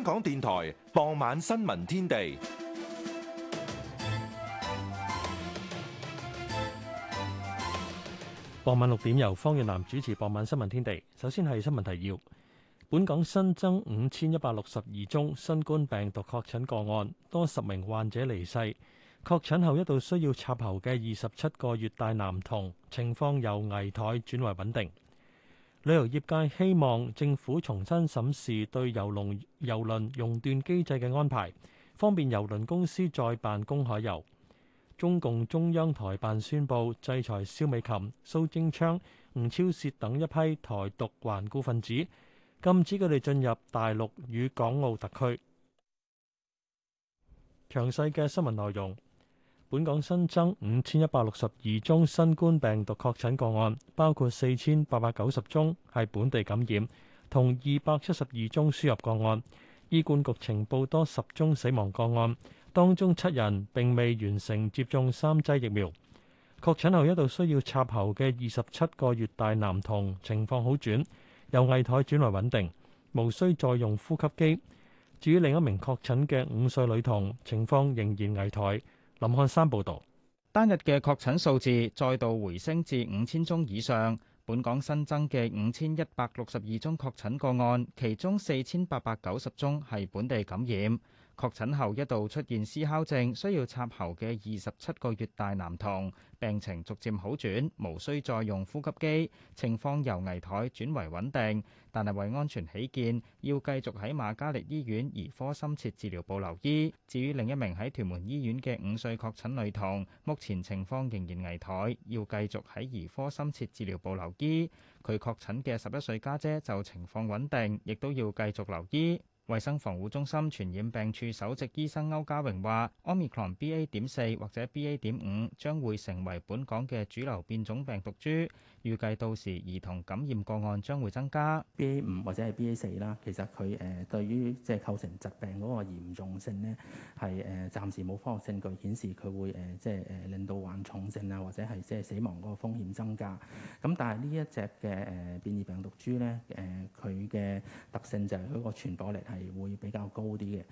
香港電台傍晚新聞天地。傍晚六點由方月南主持傍晚新聞天地。首先係新聞提要：本港新增五千一百六十二宗新冠病毒確診個案，多十名患者離世。確診後一度需要插喉嘅二十七個月大男童，情況由危殆轉為穩定。旅遊業界希望政府重新審視對遊龍郵輪熔斷機制嘅安排，方便郵輪公司再辦公海遊。中共中央台辦宣布制裁蕭美琴、蘇貞昌、吳釗燮等一批台獨頑固分子，禁止佢哋進入大陸與港澳特區。詳細嘅新聞內容。本港新增五千一百六十二宗新冠病毒確診個案，包括四千八百九十宗係本地感染，同二百七十二宗輸入個案。醫管局呈報多十宗死亡個案，當中七人並未完成接種三劑疫苗。確診後一度需要插喉嘅二十七個月大男童情況好轉，由危殆轉為穩定，無需再用呼吸機。至於另一名確診嘅五歲女童，情況仍然危殆。林漢山報道，單日嘅確診數字再度回升至五千宗以上。本港新增嘅五千一百六十二宗確診個案，其中四千八百九十宗係本地感染。確診後一度出現嘶哮症，需要插喉嘅二十七個月大男童病情逐漸好轉，無需再用呼吸機，情況由危殆轉為穩定。但係為安全起見，要繼續喺瑪嘉烈醫院兒科深切治療部留醫。至於另一名喺屯門醫院嘅五歲確診女童，目前情況仍然危殆，要繼續喺兒科深切治療部留醫。佢確診嘅十一歲家姐就情況穩定，亦都要繼續留醫。衞生防護中心傳染病處首席醫生歐家榮話，OmicronBA 點四或者 BA 點五將會成為本港嘅主流變種病毒株，預計到時兒童感染個案將會增加。BA 五或者係 BA 四啦，其實佢誒對於即係構成疾病嗰個嚴重性呢，係誒暫時冇科學證據顯示佢會誒即係誒令到患重症啊，或者係即係死亡嗰個風險增加。咁但係呢一隻嘅誒變異病毒株咧，誒佢嘅特性就係佢個傳播力係。係會比較高啲嘅。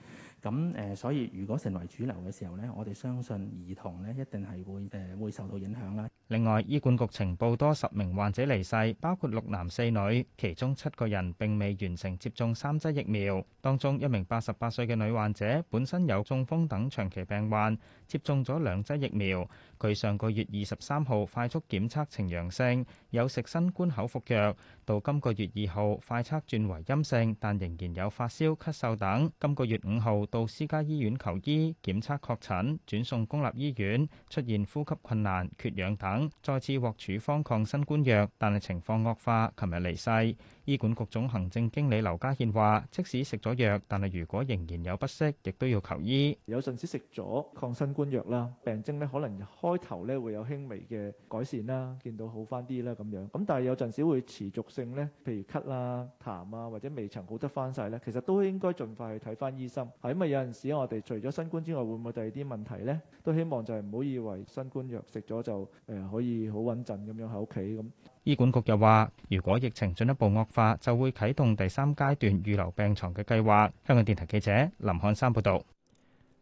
咁誒，所以如果成為主流嘅時候咧，我哋相信兒童咧一定係會誒會受到影響啦。另外，醫管局呈報多十名患者離世，包括六男四女，其中七個人並未完成接種三劑疫苗。當中一名八十八歲嘅女患者本身有中風等長期病患，接種咗兩劑疫苗。佢上個月二十三號快速檢測呈陽性，有食新冠口服藥，到今個月二號快測轉為陰性，但仍然有發燒、咳嗽等。今個月五號，到私家醫院求醫檢測確診，轉送公立醫院，出現呼吸困難、缺氧等，再次獲處方抗新冠藥，但係情況惡化，琴日離世。醫管局總行政經理劉家憲話：即使食咗藥，但係如果仍然有不適，亦都要求醫。有陣時食咗抗新冠藥啦，病症咧可能開頭咧會有輕微嘅改善啦，見到好翻啲啦咁樣，咁但係有陣時會持續性咧，譬如咳啊、痰啊或者未曾好得翻晒咧，其實都應該盡快去睇翻醫生。咁啊！有陣時我哋除咗新冠之外，會唔會第二啲問題呢？都希望就係唔好以為新冠藥食咗就誒可以好穩陣咁樣喺屋企。咁醫管局又話，如果疫情進一步惡化，就會啟動第三階段預留病床嘅計劃。香港電台記者林漢山報道，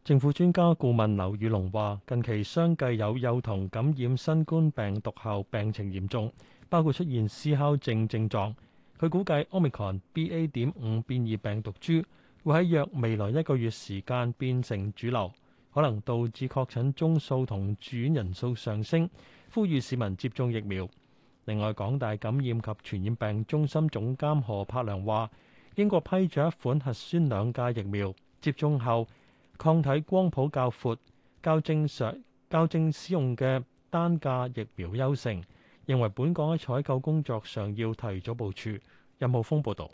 政府專家顧問劉宇龍話：近期相繼有幼童感染新冠病毒後病情嚴重，包括出現思考症症症狀。佢估計 Omicron BA.5 變異病毒株，會喺約未來一個月時間變成主流，可能導致確診宗數同住院人數上升。呼籲市民接種疫苗。另外，港大感染及傳染病中心總監何柏良話：英國批咗一款核酸兩價疫苗，接種後抗體光譜較闊，較正常，較正使用嘅單價疫苗優勝。認為本港喺採購工作上要提早部署。任浩峯報導。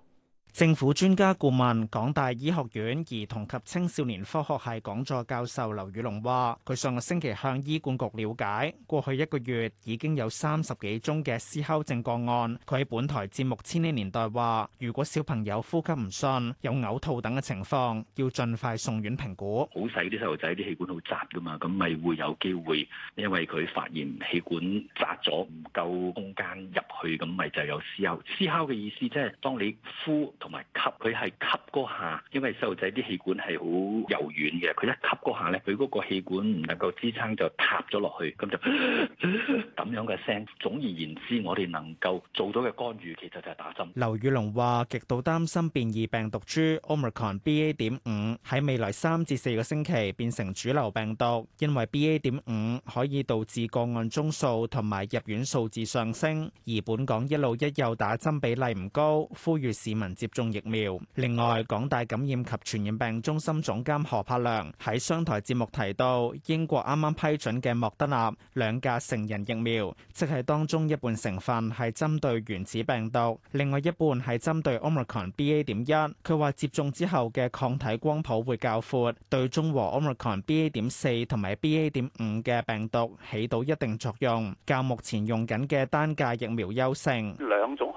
政府專家顧問、港大醫學院兒童及青少年科學系講座教授劉宇龍話，佢上個星期向醫管局了解，過去一個月已經有三十幾宗嘅絲溝症個案。佢喺本台節目《千禧年代》話，如果小朋友呼吸唔順、有嘔吐等嘅情況，要盡快送院評估。好細啲細路仔啲氣管好窄㗎嘛，咁咪會有機會，因為佢發現氣管窄咗唔夠空間入去，咁咪就有絲溝。絲溝嘅意思即係當你呼。同埋吸，佢係吸嗰下，因為細路仔啲氣管係好柔軟嘅，佢一吸嗰下咧，佢嗰個氣管唔能夠支撐就塌咗落去，咁就咁 樣嘅聲，總而言之，我哋能夠做到嘅干預其實就係打針。劉宇龍話極度擔心變異病毒株 Omicron BA. 點五喺未來三至四個星期變成主流病毒，因為 BA. 點五可以導致個案宗數同埋入院數字上升，而本港一老一幼打針比例唔高，呼籲市民接種疫苗。另外，港大感染及傳染病中心總監何柏良喺商台節目提到，英國啱啱批准嘅莫德納兩價成人疫苗，即係當中一半成分係針對原始病毒，另外一半係針對奧密克戎 BA. 點一。佢話接種之後嘅抗體光譜會較闊，對中和奧密克戎 BA. 點四同埋 BA. 點五嘅病毒起到一定作用，較目前用緊嘅單價疫苗優勝兩種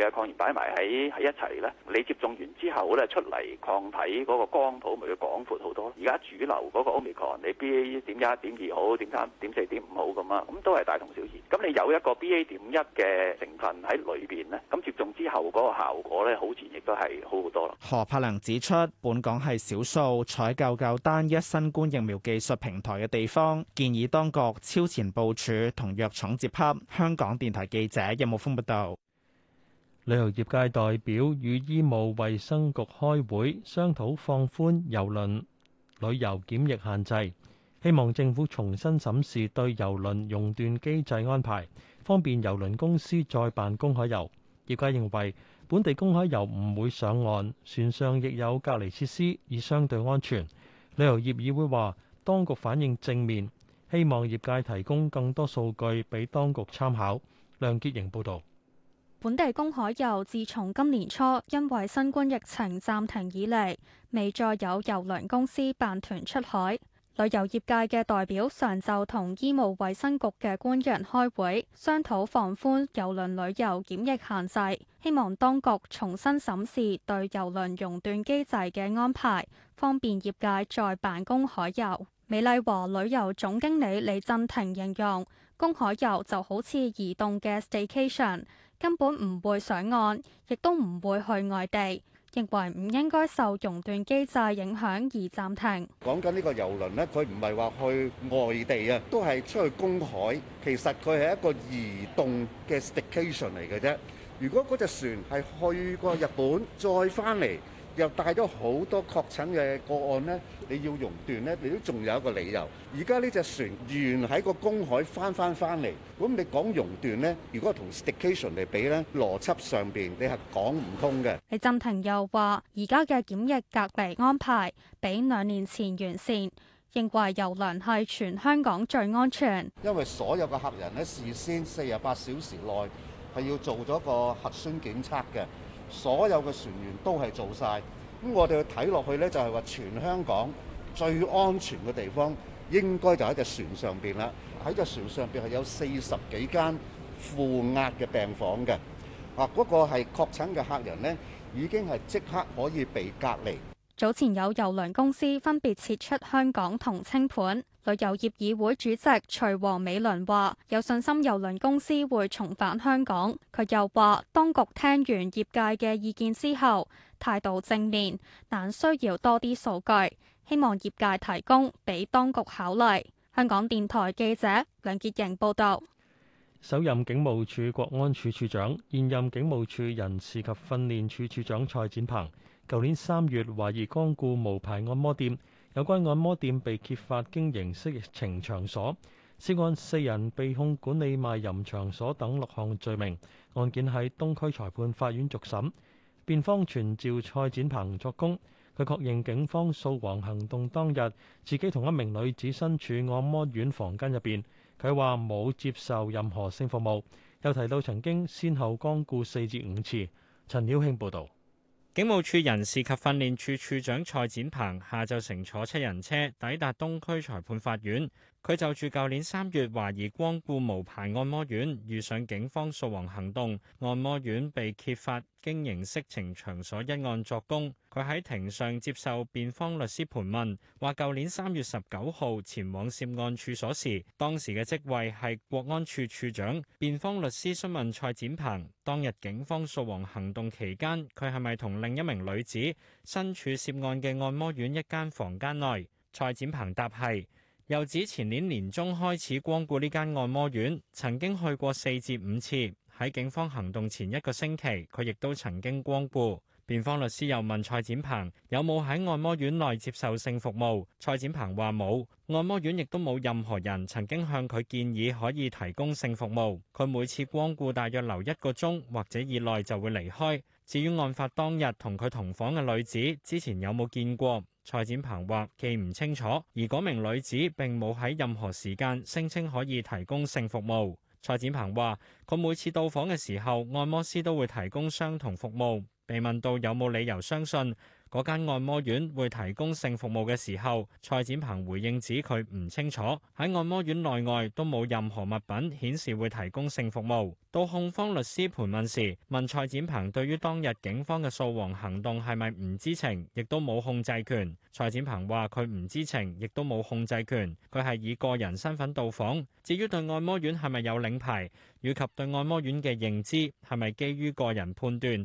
嘅抗原擺埋喺喺一齊咧，你接種完之後咧出嚟抗體嗰個光譜咪要廣闊好多。而家主流嗰個 Omicron，你 B A 點一、點二好、點三、點四、點五好咁啊，咁都係大同小異。咁你有一個 B A 點一嘅成分喺裏邊咧，咁接種之後嗰個效果咧，好似亦都係好好多咯。何柏良指出，本港係少數採購較單一新冠疫苗技術平台嘅地方，建議當局超前部署同藥廠接洽。香港電台記者任武峰報道。旅遊業界代表與醫務衛生局開會商討放寬郵輪旅遊檢疫限制，希望政府重新審視對郵輪熔斷機制安排，方便郵輪公司再辦公海遊。業界認為本地公海遊唔會上岸，船上亦有隔離設施，以相對安全。旅遊業議會話，當局反應正面，希望業界提供更多數據俾當局參考。梁潔瑩報道。本地公海遊自從今年初因為新冠疫情暫停以嚟，未再有郵輪公司辦團出海。旅遊業界嘅代表上晝同醫務衛生局嘅官員開會，商討放寬郵輪旅遊檢疫限制，希望當局重新審視對郵輪熔斷機制嘅安排，方便業界再辦公海遊。美麗華旅遊總經理李振庭形容，公海遊就好似移動嘅 staycation。根本唔會上岸，亦都唔會去外地，認為唔應該受熔斷機制影響而暫停。講緊呢個遊輪呢，佢唔係話去外地啊，都係出去公海。其實佢係一個移動嘅 station 嚟嘅啫。如果嗰隻船係去過日本再翻嚟。又帶咗好多確診嘅個案呢，你要熔斷呢，你都仲有一個理由。而家呢隻船原喺個公海返返返嚟，咁你講熔斷呢，如果同 staycation 嚟比呢，邏輯上面你係講唔通嘅。李振廷又話：而家嘅檢疫隔離安排比兩年前完善，認為郵輪係全香港最安全。因為所有嘅客人呢，事先四十八小時內係要做咗個核酸檢測嘅。所有嘅船員都係做晒，咁我哋去睇落去咧，就係話全香港最安全嘅地方應該就喺隻船上邊啦。喺隻船上邊係有四十幾間負壓嘅病房嘅，啊、那、嗰個係確診嘅客人咧，已經係即刻可以被隔離。早前有郵輪公司分別撤出香港同清盤。旅遊業議會主席徐王美倫話：有信心郵輪公司會重返香港。佢又話，當局聽完業界嘅意見之後，態度正面，但需要多啲數據，希望業界提供俾當局考慮。香港電台記者梁潔瑩報道。首任警務處國安處處長，現任警務處人事及訓練處處長蔡展鵬，舊年三月懷疑光顧無牌按摩店。有關按摩店被揭發經營色情場所，涉案四人被控管理賣淫場所等六項罪名。案件喺東區裁判法院續審，辯方傳召蔡展鵬作供。佢確認警方掃黃行動當日，自己同一名女子身處按摩院房間入邊。佢話冇接受任何性服務，又提到曾經先後光顧四至五次。陳曉慶報導。警務處人事及訓練處處長蔡展鵬下晝乘坐七人車抵達東區裁判法院。佢就住舊年三月懷疑光顧無牌按摩院，遇上警方掃黃行動，按摩院被揭發經營色情場所一案作供。佢喺庭上接受辯方律師盤問，話舊年三月十九號前往涉案處所時，當時嘅職位係國安處處長。辯方律師詢問蔡展鵬，當日警方掃黃行動期間，佢係咪同另一名女子身處涉案嘅按摩院一間房間內？蔡展鵬答係。又指前年年中開始光顧呢間按摩院，曾經去過四至五次。喺警方行動前一個星期，佢亦都曾經光顧。辯方律師又問蔡展鵬有冇喺按摩院內接受性服務。蔡展鵬話冇，按摩院亦都冇任何人曾經向佢建議可以提供性服務。佢每次光顧大約留一個鐘或者以內就會離開。至於案發當日同佢同房嘅女子，之前有冇見過？蔡展鵬話：記唔清楚，而嗰名女子並冇喺任何時間聲稱可以提供性服務。蔡展鵬話：佢每次到訪嘅時候，按摩師都會提供相同服務。被問到有冇理由相信嗰間按摩院會提供性服務嘅時候，蔡展鵬回應指佢唔清楚，喺按摩院內外都冇任何物品顯示會提供性服務。到控方律師盤問時，問蔡展鵬對於當日警方嘅掃黃行動係咪唔知情，亦都冇控制權。蔡展鵬話佢唔知情，亦都冇控制權，佢係以個人身份到訪。至於對按摩院係咪有領牌，以及對按摩院嘅認知係咪基於個人判斷。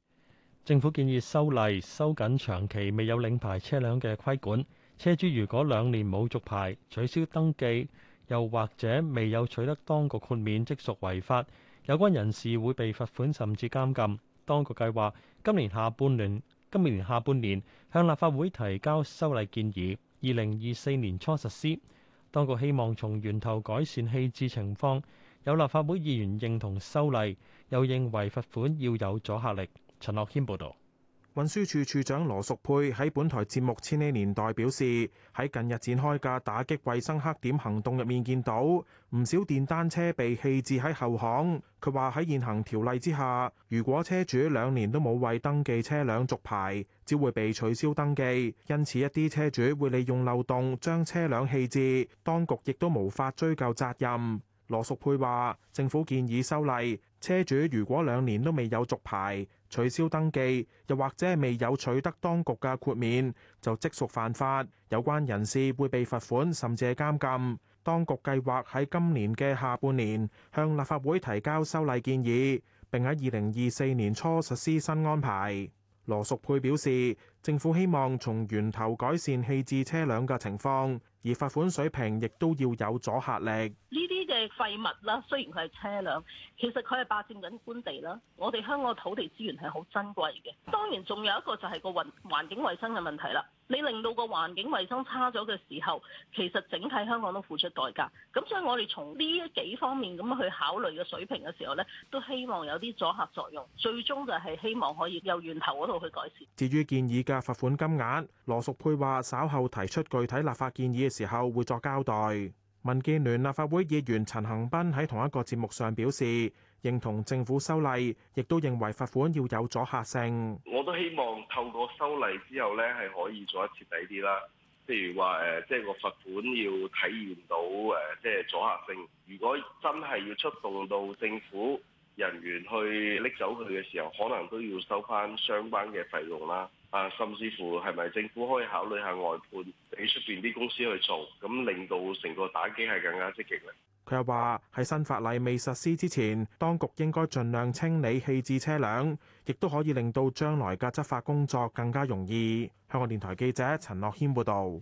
政府建議修例，收緊長期未有領牌車輛嘅規管。車主如果兩年冇續牌，取消登記，又或者未有取得當局豁免，即屬違法。有關人士會被罰款，甚至監禁。當局計劃今年下半年，今年下半年向立法會提交修例建議，二零二四年初實施。當局希望從源頭改善棄置情況。有立法會議員認同修例，又認為罰款要有阻嚇力。陳樂謙報道，運輸處處長羅淑佩喺本台節目《千禧年代》表示，喺近日展開嘅打擊衛生黑點行動入面，見到唔少電單車被棄置喺後巷。佢話喺現行條例之下，如果車主兩年都冇為登記車輛續牌，只會被取消登記。因此，一啲車主會利用漏洞將車輛棄置，當局亦都無法追究責任。羅淑佩話，政府建議修例，車主如果兩年都未有續牌。取消登記，又或者未有取得當局嘅豁免，就即屬犯法。有關人士會被罰款，甚至係監禁。當局計劃喺今年嘅下半年向立法會提交修例建議，並喺二零二四年初實施新安排。羅淑佩表示，政府希望從源頭改善棄置車輛嘅情況。而罰款水平亦都要有阻嚇力。呢啲嘅廢物啦，雖然佢係車輛，其實，佢係霸佔緊官地啦。我哋香港土地資源係好珍貴嘅。當然仲有一個就係個環環境衛生嘅問題啦。你令到個環境衛生差咗嘅時候，其實整體香港都付出代價，咁所以我哋從呢一幾方面咁去考慮嘅水平嘅時候咧，都希望有啲阻嚇作用。最終就係希望可以由源頭嗰度去改善。至於建議嘅罰款金額，羅淑佩話稍後提出具體立法建議時候會作交代。民建聯立法會議員陳恒斌喺同一個節目上表示，認同政府修例，亦都認為罰款要有阻嚇性。我都希望透過修例之後咧，係可以做得徹底啲啦。譬如話誒，即係個罰款要體現到誒，即係阻嚇性。如果真係要出動到政府人員去拎走佢嘅時候，可能都要收翻相關嘅費用啦。啊，甚至乎係咪政府可以考慮下外判俾出邊啲公司去做，咁令到成個打擊係更加積極咧？佢又話，喺新法例未實施之前，當局應該盡量清理棄置車輛，亦都可以令到將來嘅執法工作更加容易。香港電台記者陳樂謙報道。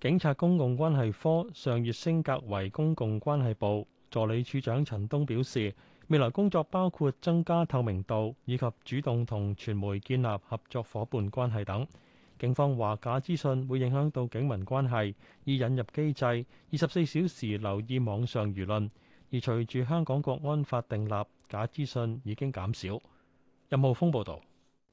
警察公共關係科上月升格為公共關係部，助理處長陳東表示未來工作包括增加透明度、以及主動同傳媒建立合作伙伴關係等。警方話，假資訊會影響到警民關係，以引入機制，二十四小時留意網上輿論。而隨住香港國安法定立，假資訊已經減少。任浩峯報導。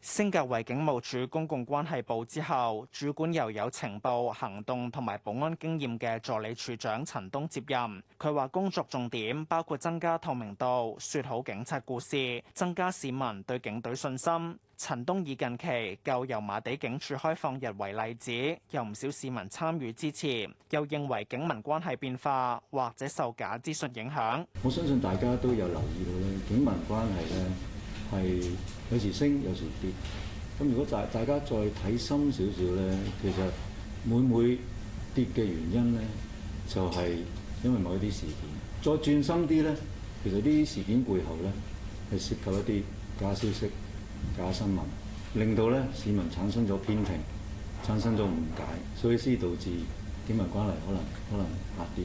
升格為警務處公共關係部之後，主管又有情報、行動同埋保安經驗嘅助理處長陳東接任。佢話工作重點包括增加透明度、說好警察故事、增加市民對警隊信心。陳東以近期舊油麻地警署開放日為例子，有唔少市民參與支持，又認為警民關係變化或者受假資訊影響。我相信大家都有留意到，警民關係咧係有時升，有時跌。咁如果大大家再睇深少少咧，其實每每跌嘅原因咧，就係因為某一啲事件。再轉深啲咧，其實呢啲事件背後咧係涉及一啲假消息、假新聞，令到咧市民產生咗偏聽，產生咗誤解，所以先導致警民關係可能可能下跌。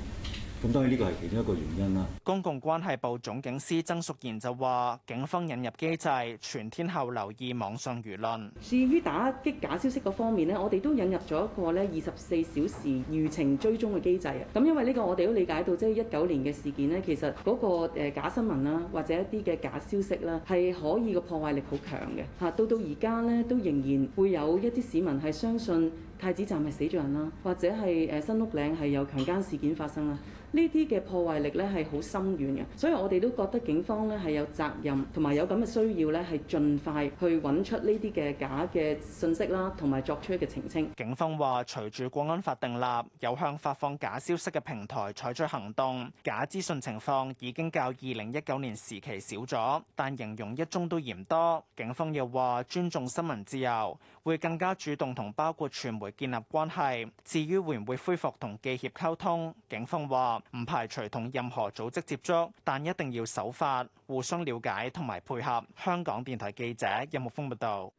咁當然呢個係其中一個原因啦。公共關係部總警司曾淑賢就話：警方引入機制，全天候留意網上輿論。至於打擊假消息嗰方面呢，我哋都引入咗一個咧，二十四小時輿情追蹤嘅機制啊。咁因為呢個我哋都理解到，即係一九年嘅事件呢，其實嗰個假新聞啦、啊，或者一啲嘅假消息啦，係可以個破壞力好強嘅嚇。到到而家呢，都仍然會有一啲市民係相信。太子站係死咗人啦，或者係誒新屋嶺係有強姦事件發生啦，呢啲嘅破壞力咧，係好深遠嘅，所以我哋都覺得警方咧，係有責任同埋有咁嘅需要咧，係盡快去揾出呢啲嘅假嘅信息啦，同埋作出嘅澄清。警方話，隨住《國安法》定立，有向發放假消息嘅平台採取行動，假資訊情況已經較二零一九年時期少咗，但形容一宗都嫌多。警方又話，尊重新聞自由，會更加主動同包括傳媒建立關係。至於會唔會恢復同記協溝通，警方話唔排除同任何組織接觸，但一定要守法、互相了解同埋配合。香港電台記者任木峰報道。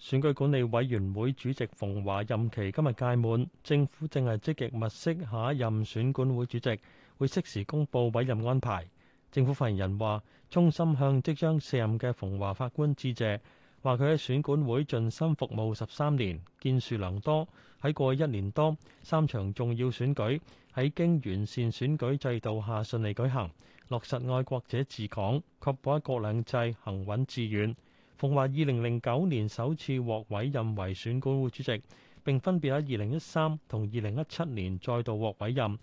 選舉管理委員會主席馮華任期今日屆滿，政府正係積極物色下一任選管會主席，會適時公布委任安排。政府發言人話：衷心向即將卸任嘅馮華法官致謝。話佢喺選管會盡心服務十三年，建樹良多。喺過去一年多，三場重要選舉喺經完善選舉制度下順利舉行，落實愛國者治港，確保一國兩制行穩致遠。馮驊二零零九年首次獲委任為選管會主席，並分別喺二零一三同二零一七年再度獲委任。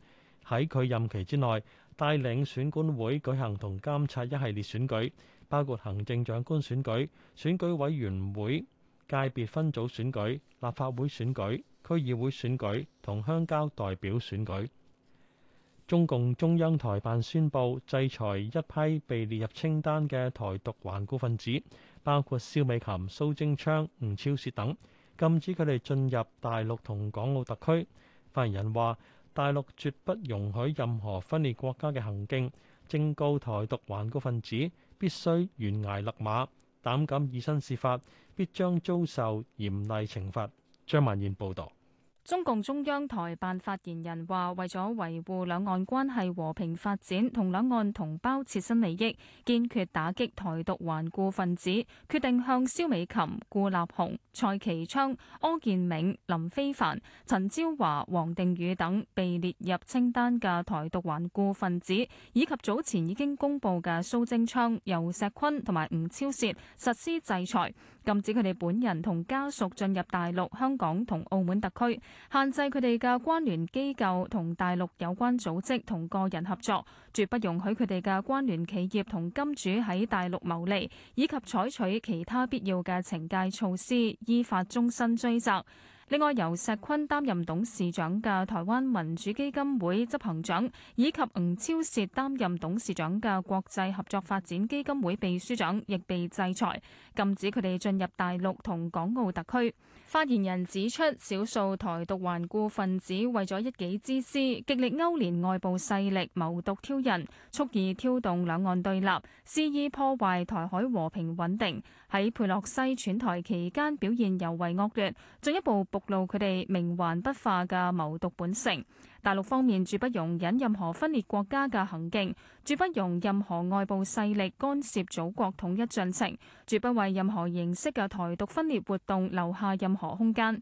喺佢任期之內，帶領選管會舉行同監察一系列選舉。包括行政長官選舉、選舉委員會界別分組選舉、立法會選舉、區議會選舉同鄉郊代表選舉。中共中央台辦宣布制裁一批被列入清單嘅台獨頑固分子，包括蕭美琴、蘇貞昌、吳釗燮等，禁止佢哋進入大陸同港澳特區。發言人話：大陸絕不容許任何分裂國家嘅行徑，正告台獨頑固分子。必須懸崖勒馬，膽敢以身試法，必將遭受嚴厲懲罰。張曼燕報道。中共中央台辦發言人話：為咗維護兩岸關係和平發展同兩岸同胞切身利益，堅決打擊台獨頑固分子，決定向蕭美琴、顧立雄、蔡其昌、柯建銘、林飛帆、陳椒華、王定宇等被列入清單嘅台獨頑固分子，以及早前已經公布嘅蘇貞昌、游錫堃同埋吳釗燮實施制裁。禁止佢哋本人同家屬進入大陸、香港同澳門特區，限制佢哋嘅關聯機構同大陸有關組織同個人合作，絕不容許佢哋嘅關聯企業同金主喺大陸牟利，以及採取其他必要嘅懲戒措施，依法終身追責。另外，由游錫堃擔任董事長嘅台灣民主基金會執行長，以及吳釗燮擔任董事長嘅國際合作發展基金會秘書長，亦被制裁，禁止佢哋進入大陸同港澳特區。發言人指出，少數台獨頑固分子為咗一己之私，極力勾連外部勢力，謀獨挑釁，蓄意挑動兩岸對立，肆意破壞台海和平穩定。喺佩洛西竄台期間，表現尤為惡劣，進一步暴露佢哋冥頑不化嘅謀獨本性。大陸方面絕不容忍任何分裂國家嘅行徑，絕不容任何外部勢力干涉祖國統一進程，絕不為任何形式嘅台獨分裂活動留下任何空間。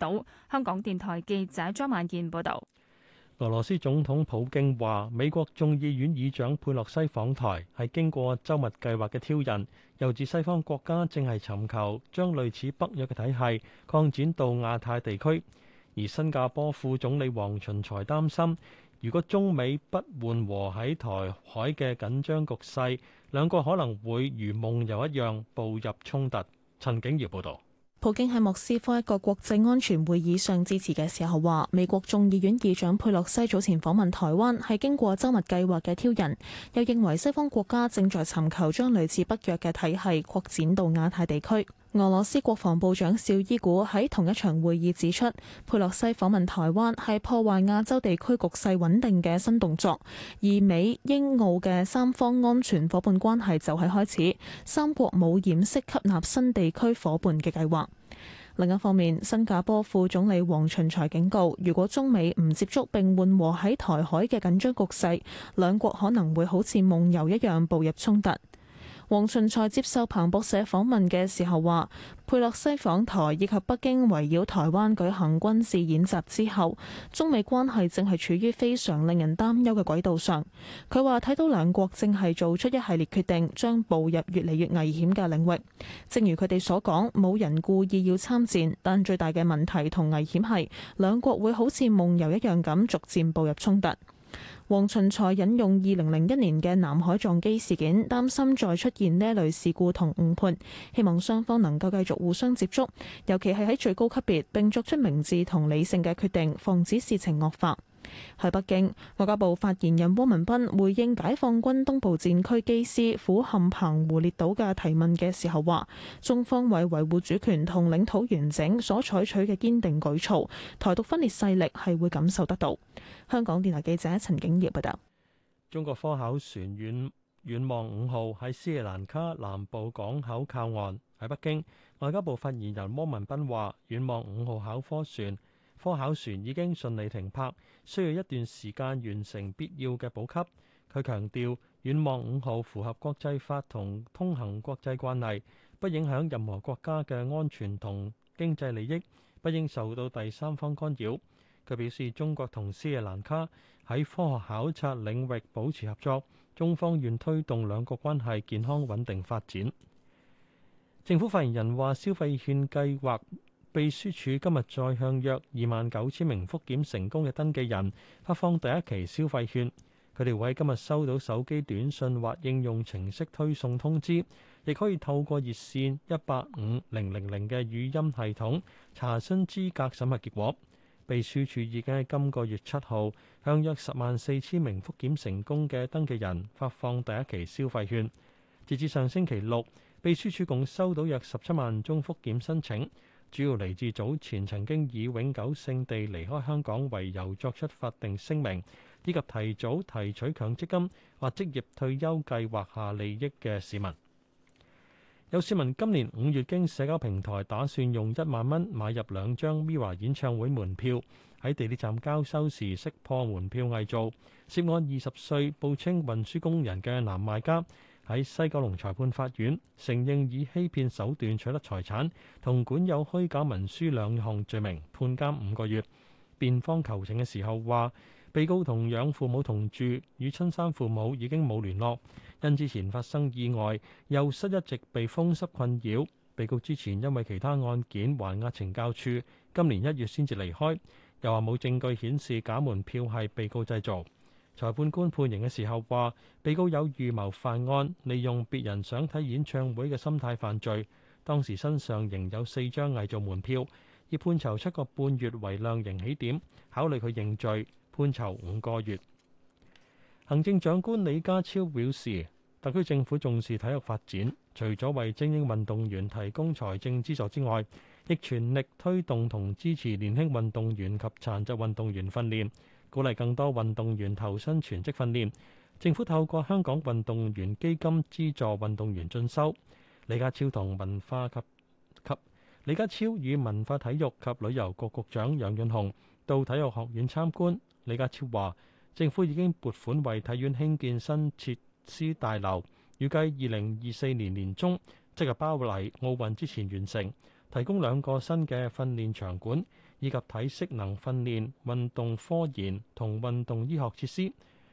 到香港電台記者張萬健報道。俄羅斯總統普京話，美國眾議院議長佩洛西訪台係經過周密計劃嘅挑釁，又指西方國家正係尋求將類似北約嘅體系擴展到亞太地區，而新加坡副總理黃循財擔心，如果中美不緩和喺台海嘅緊張局勢，兩個可能會如夢遊一樣步入衝突。陳景瑤報道。普京喺莫斯科一個國際安全會議上致辭嘅時候話，美國眾議院議長佩洛西早前訪問台灣係經過周密計劃嘅挑釁，又認為西方國家正在尋求將類似北約嘅體系擴展到亞太地區。俄羅斯國防部長邵伊古喺同一場會議指出，佩洛西訪問台灣係破壞亞洲地區局勢穩定嘅新動作，而美英澳嘅三方安全伙伴關係就係開始，三國冇掩飾吸納新地區伙伴嘅計劃。另一方面，新加坡副總理黃循財警告，如果中美唔接觸並緩和喺台海嘅緊張局勢，兩國可能會好似夢遊一樣步入衝突。王進財接受彭博社訪問嘅時候話：佩洛西訪台以及北京圍繞台灣舉行軍事演習之後，中美關係正係處於非常令人擔憂嘅軌道上。佢話睇到兩國正係做出一系列決定，將步入越嚟越危險嘅領域。正如佢哋所講，冇人故意要參戰，但最大嘅問題同危險係兩國會好似夢遊一樣咁逐漸步入衝突。黃秦才引用二零零一年嘅南海撞機事件，擔心再出現呢一類事故同誤判，希望雙方能夠繼續互相接觸，尤其係喺最高級別，並作出明智同理性嘅決定，防止事情惡化。喺北京，外交部發言人汪文斌回應解放軍東部戰區機師傅喊澎湖列島嘅提問嘅時候話，中方為維護主權同領土完整所採取嘅堅定舉措，台獨分裂勢力係會感受得到。香港電台記者陳景業報道。中國科考船遠遠望五號喺斯里蘭卡南部港口靠岸。喺北京，外交部發言人汪文斌話遠望五號考科船。科考船已經順利停泊，需要一段時間完成必要嘅補給。佢強調，遠望五號符合國際法同通行國際慣例，不影響任何國家嘅安全同經濟利益，不應受到第三方干擾。佢表示，中國同斯里蘭卡喺科學考察領域保持合作，中方願推動兩國關係健康穩定發展。政府發言人話：消費券計劃秘書處今日再向約二萬九千名復檢成功嘅登記人發放第一期消費券。佢哋會喺今日收到手機短信或應用程式推送通知，亦可以透過熱線一八五零零零嘅語音系統查詢資格審核結果。秘書處已經喺今個月七號向約十萬四千名復檢成功嘅登記人發放第一期消費券。截至上星期六，秘書處共收到約十七萬宗復檢申請。主要嚟自早前曾經以永久性地離開香港為由作出法定聲明，以及提早提取強積金或職業退休計劃下利益嘅市民。有市民今年五月經社交平台打算用一萬蚊買入兩張 MIRROR 演唱會門票，喺地鐵站交收時識破門票偽造，涉案二十歲報稱運輸工人嘅男賣家。喺西九龍裁判法院，承認以欺騙手段取得財產同管有虛假文書兩項罪名，判監五個月。辯方求情嘅時候話被告同養父母同住，與親生父母已經冇聯絡，因之前發生意外，右膝一直被風濕困擾，被告之前因為其他案件還押懲教處今年一月先至離開，又話冇證據顯示假門票係被告製造。裁判官判刑嘅時候話，被告有預謀犯案，利用別人想睇演唱會嘅心態犯罪。當時身上仍有四張偽造門票，以判囚七個半月為量刑起點，考慮佢認罪，判囚五個月。行政長官李家超表示，特區政府重視體育發展，除咗為精英運動員提供財政資助之外，亦全力推動同支持年輕運動員及殘疾運動員訓練。鼓勵更多運動員投身全職訓練，政府透過香港運動員基金資助運動員進修。李家超同文化及及李家超與文化體育及旅遊局局長楊潤雄到體育學院參觀。李家超話：政府已經撥款為體院興建新設施大樓，預計二零二四年年中，即係巴黎奧運之前完成，提供兩個新嘅訓練場館。以及體適能訓練、運動科研同運動醫學設施。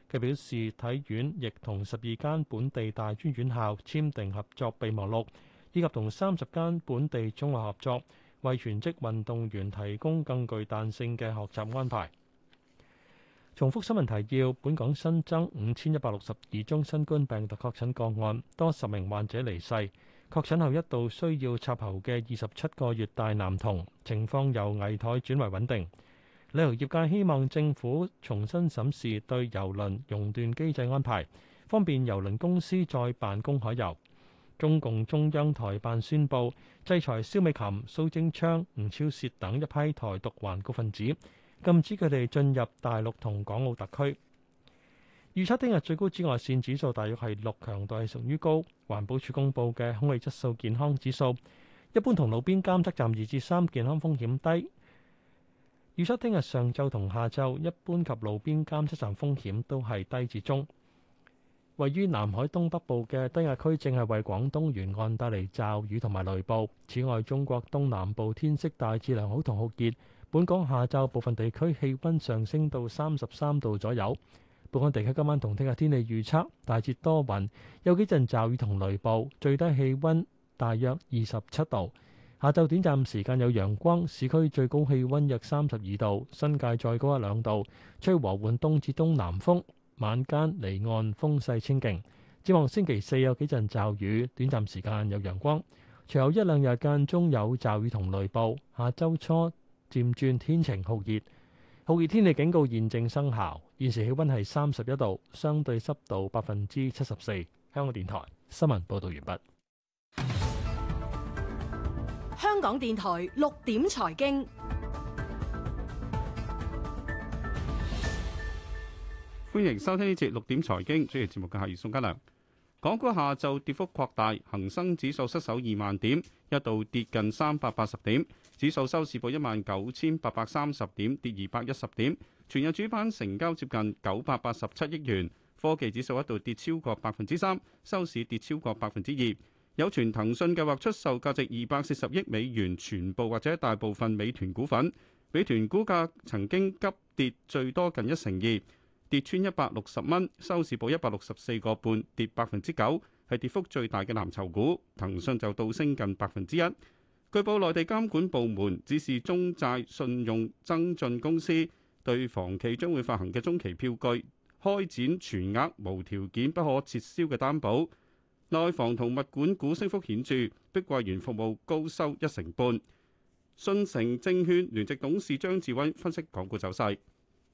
佢表示，體院亦同十二間本地大專院校簽訂合作備忘錄，以及同三十間本地中學合作，為全職運動員提供更具彈性嘅學習安排。重複新聞提要，本港新增五千一百六十二宗新冠病毒確診個案，多十名患者離世。確診後一度需要插喉嘅二十七個月大男童，情況由危殆轉為穩定。旅遊業界希望政府重新審視對郵輪熔斷機制安排，方便郵輪公司再辦公海遊。中共中央台辦宣布制裁蕭美琴、蘇貞昌、吳釗燮等一批台獨頑固分子，禁止佢哋進入大陸同港澳特區。預測聽日最高紫外線指數大約係六，強度係屬於高。環保署公布嘅空氣質素健康指數，一般同路邊監測站二至三，健康風險低。預測聽日上晝同下晝一般及路邊監測站風險都係低至中。位於南海東北部嘅低壓區正係為廣東沿岸帶嚟驟雨同埋雷暴。此外，中國東南部天色大致良好同酷熱。本港下晝部分地區氣温上升到三十三度左右。本港地區今晚同聽日天氣預測大致多雲，有幾陣驟雨同雷暴，最低氣温大約二十七度。下晝短暫時間有陽光，市區最高氣温約三十二度，新界再高一兩度，吹和緩東至東南風，晚間離岸風勢清勁，展望星期四有幾陣驟雨，短暫時間有陽光，隨後一兩日間中有驟雨同雷暴。下周初漸轉天晴酷熱，酷熱天氣警告現正生效。現時氣溫係三十一度，相對濕度百分之七十四。香港電台新聞報道完畢。香港電台六點財經，歡迎收聽呢節六點財經。主持節目嘅客係宋嘉良。港股下晝跌幅擴大，恒生指數失守二萬點，一度跌近三百八十點。指數收市報一萬九千八百三十點，跌二百一十點。全日主板成交接近九百八十七億元。科技指數一度跌超過百分之三，收市跌超過百分之二。有傳騰訊計劃出售價值二百四十億美元全部或者大部分美團股份，美團股價曾經急跌最多近一成二，跌穿一百六十蚊，收市報一百六十四個半，跌百分之九，係跌幅最大嘅藍籌股。騰訊就倒升近百分之一。據報，內地監管部門指示中債信用增進公司對房企將會發行嘅中期票據開展全額、無條件、不可撤銷嘅擔保。內房同物管股升幅顯著，碧桂園服務高收一成半。信誠證券聯席董事張智威分析港股走勢。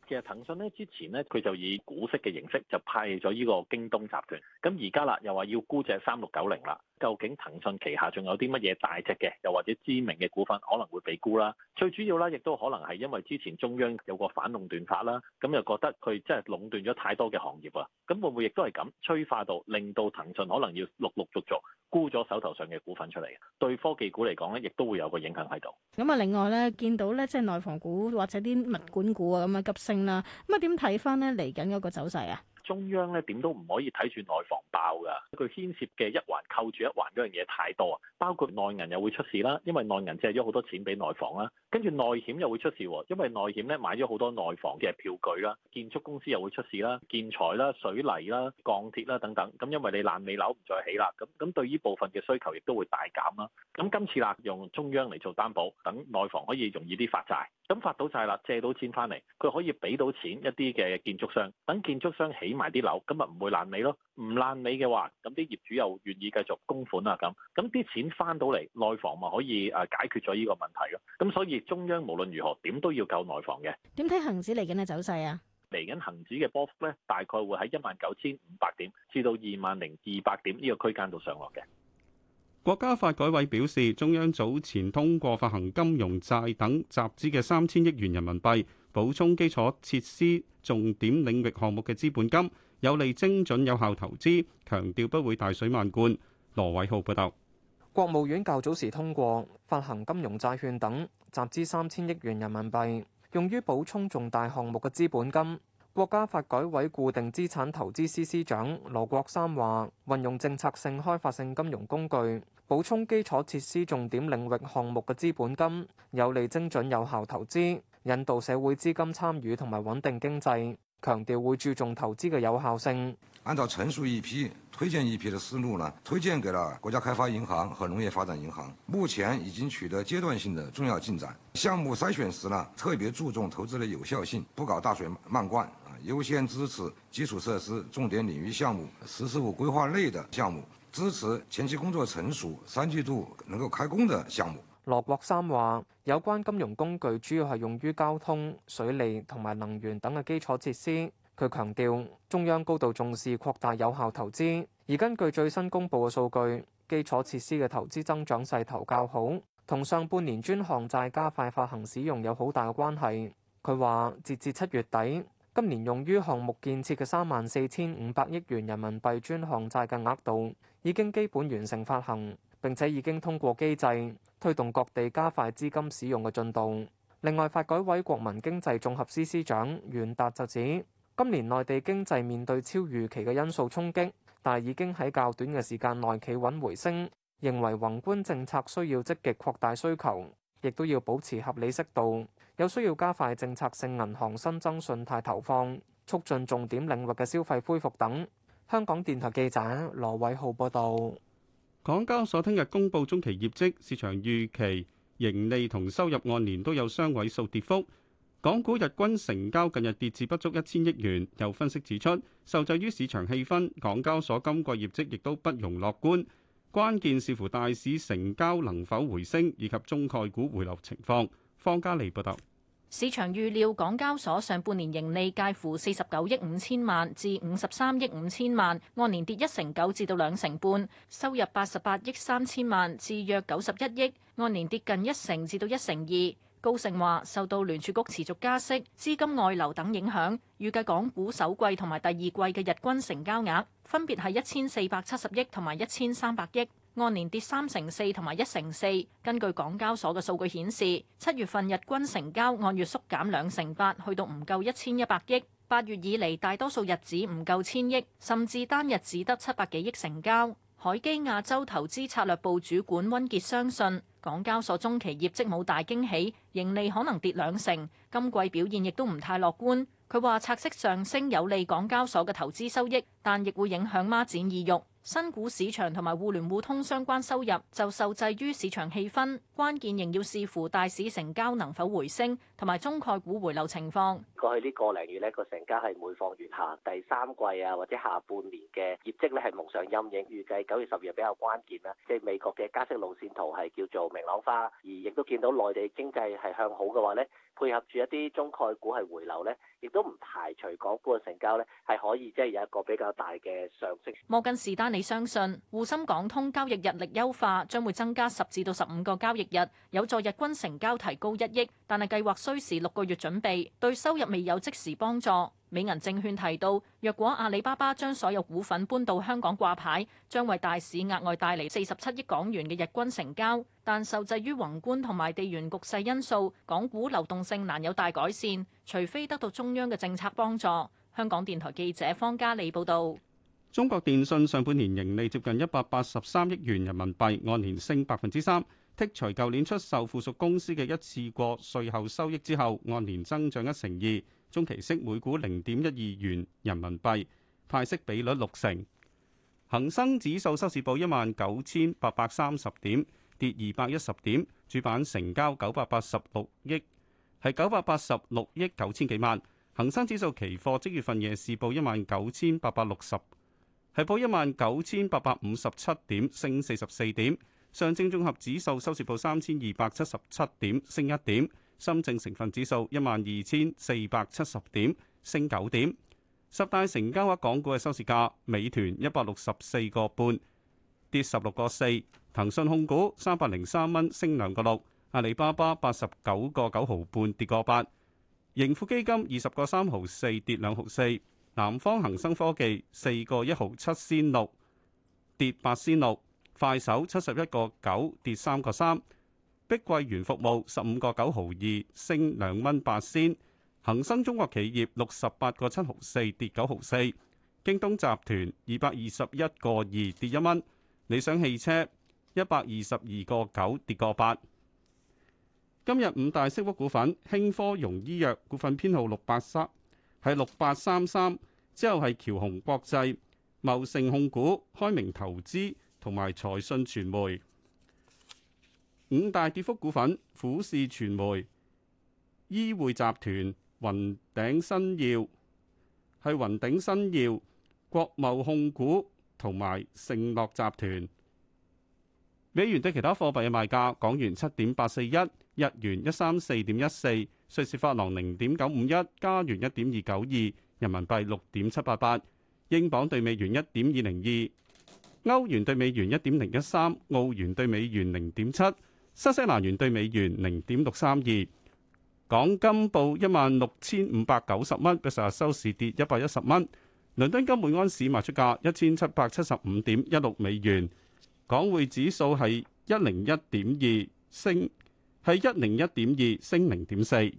其實騰訊咧之前咧，佢就以股息嘅形式就派咗呢個京東集團。咁而家啦，又話要沽隻三六九零啦。究竟騰訊旗下仲有啲乜嘢大隻嘅，又或者知名嘅股份可能會被沽啦？最主要啦，亦都可能係因為之前中央有個反壟斷法啦，咁又覺得佢即係壟斷咗太多嘅行業啊。咁會唔會亦都係咁催化到令到騰訊可能要陸陸續續沽咗手頭上嘅股份出嚟？對科技股嚟講咧，亦都會有個影響喺度。咁啊，另外咧，見到咧，即係內房股或者啲物管股啊咁啊急啦，咁啊點睇翻咧嚟緊嗰個走勢啊？中央咧點都唔可以睇住內房爆㗎，佢牽涉嘅一環扣住一環嗰樣嘢太多啊！包括內銀又會出事啦，因為內銀借咗好多錢俾內房啦，跟住內險又會出事喎，因為內險咧買咗好多內房嘅票據啦，建築公司又會出事啦，建材啦、水泥啦、鋼鐵啦等等，咁因為你爛尾樓唔再起啦，咁咁對於部分嘅需求亦都會大減啦。咁今次啦，用中央嚟做擔保，等內房可以容易啲發債，咁發到債啦，借到錢翻嚟，佢可以俾到錢一啲嘅建築商，等建築商起埋啲樓，咁咪唔會爛尾咯。唔爛尾嘅話，咁啲業主又願意繼續供款啊。咁，咁啲錢翻到嚟內房咪可以誒解決咗呢個問題咯。咁所以中央無論如何點都要救內房嘅。點睇恒指嚟緊嘅走勢啊？嚟緊恒指嘅波幅咧，大概會喺一萬九千五百點至到二萬零二百點呢個區間度上落嘅。國家發改委表示，中央早前通過發行金融債等集資嘅三千億元人民幣。補充基礎設施重點領域項目嘅資本金，有利精準有效投資。強調不會大水漫灌。羅偉浩報道，國務院較早時通過發行金融債券等集資三千億元人民幣，用於補充重大項目嘅資本金。國家發改委固定資產投資司司長羅國三話，運用政策性開發性金融工具補充基礎設施重點領域項目嘅資本金，有利精準有效投資。引導社會資金參與同埋穩定經濟，強調會注重投資嘅有效性。按照成熟一批、推薦一批的思路呢，推薦給了國家開發銀行和農業發展銀行，目前已經取得階段性的重要進展。項目篩選時呢，特別注重投資的有效性，不搞大水漫灌啊，優先支持基礎設施重點領域項目、十四五規劃內的項目，支持前期工作成熟、三季度能夠開工的項目。羅國三話：有關金融工具主要係用於交通、水利同埋能源等嘅基礎設施。佢強調，中央高度重視擴大有效投資，而根據最新公布嘅數據，基礎設施嘅投資增長勢頭較好，同上半年專項債加快發行使用有好大嘅關係。佢話，截至七月底，今年用於項目建設嘅三萬四千五百億元人民幣專項債嘅額度已經基本完成發行。並且已經通過機制推動各地加快資金使用嘅進度。另外，發改委國民經濟綜合司司長袁達就指，今年內地經濟面對超預期嘅因素衝擊，但係已經喺較短嘅時間內企穩回升。認為宏觀政策需要積極擴大需求，亦都要保持合理適度。有需要加快政策性銀行新增信貸投放，促進重點領域嘅消費恢復等。香港電台記者羅偉浩報道。港交所聽日公布中期業績，市場預期盈利同收入按年都有雙位數跌幅。港股日均成交近日跌至不足一千億元，有分析指出，受制於市場氣氛，港交所今季業績亦都不容樂觀。關鍵視乎大市成交能否回升，以及中概股回流情況。方嘉利報道。市場預料港交所上半年盈利介乎四十九億五千萬至五十三億五千萬，按年跌一成九至到兩成半；收入八十八億三千萬至約九十一億，按年跌近一成至到一成二。高盛話，受到聯儲局持續加息、資金外流等影響，預計港股首季同埋第二季嘅日均成交額分別係一千四百七十億同埋一千三百億。按年跌三成四同埋一成四。根據港交所嘅數據顯示，七月份日均成交按月縮減兩成八，去到唔夠一千一百億。八月以嚟，大多數日子唔夠千億，甚至單日只得七百幾億成交。海基亞洲投資策略部主管溫傑相信，港交所中期業績冇大驚喜，盈利可能跌兩成。今季表現亦都唔太樂觀。佢話拆息上升有利港交所嘅投資收益，但亦會影響孖展意欲。新股市場同埋互聯互通相關收入就受制於市場氣氛，關鍵仍要視乎大市成交能否回升，同埋中概股回流情況。過去呢個零月呢個成交係每況愈下，第三季啊或者下半年嘅業績咧係蒙上陰影。預計九月十月比較關鍵啦，即係美國嘅加息路線圖係叫做「明朗化」，而亦都見到內地經濟係向好嘅話咧，配合住一啲中概股係回流咧。亦都唔排除港股嘅成交咧，係可以即係有一個比較大嘅上升。摩根士丹利相信，滬深港通交易日曆優化將會增加十至到十五個交易日，有助日均成交提高一億，但係計劃需時六個月準備，對收入未有即時幫助。美銀證券提到，若果阿里巴巴將所有股份搬到香港掛牌，將為大市額外帶嚟四十七億港元嘅日均成交。但受制於宏觀同埋地緣局勢因素，港股流動性難有大改善，除非得到中央嘅政策幫助。香港電台記者方嘉利報道。中國電信上半年盈利接近一百八十三億元人民幣，按年升百分之三。剔除舊年出售附屬公司嘅一次過稅後收益之後，按年增長一成二。中期息每股零點一二元人民幣，派息比率六成。恒生指數收市報一萬九千八百三十點，跌二百一十點，主板成交九百八十六億，係九百八十六億九千幾萬。恒生指數期貨即月份夜市報一萬九千八百六十，係報一萬九千八百五十七點，升四十四點。上證綜合指數收市報三千二百七十七點，升一點。深證成分指數一萬二千四百七十點，升九點。十大成交額港股嘅收市價：美團一百六十四個半，跌十六個四；騰訊控股三百零三蚊，升兩個六；阿里巴巴八十九個九毫半，跌個八；盈富基金二十個三毫四，跌兩毫四；南方恒生科技四個一毫七仙六，跌八仙六；快手七十一個九，跌三個三。碧桂園服務十五個九毫二，升兩蚊八仙，恒生中國企業六十八個七毫四，跌九毫四，京東集團二百二十一個二，跌一蚊，理想汽車一百二十二個九，跌個八。今日五大升幅股份：興科融醫藥股份編號六八三係六八三三，之後係僑鴻國際、茂盛控股、開明投資同埋財訊傳媒。五大跌幅股份：虎視傳媒、醫匯集團、雲頂新耀，係雲頂新耀、國貿控股同埋盛樂集團。美元對其他貨幣嘅賣價：港元七點八四一，日元一三四點一四，瑞士法郎零點九五一，加元一點二九二，人民幣六點七八八，英鎊對美元一點二零二，歐元對美元一點零一三，澳元對美元零點七。新西蘭元兌美元零點六三二，港金報一萬六千五百九十蚊，比上日收市跌一百一十蚊。倫敦金每安士賣出價一千七百七十五點一六美元，港匯指數係一零一點二升，係一零一點二升零點四。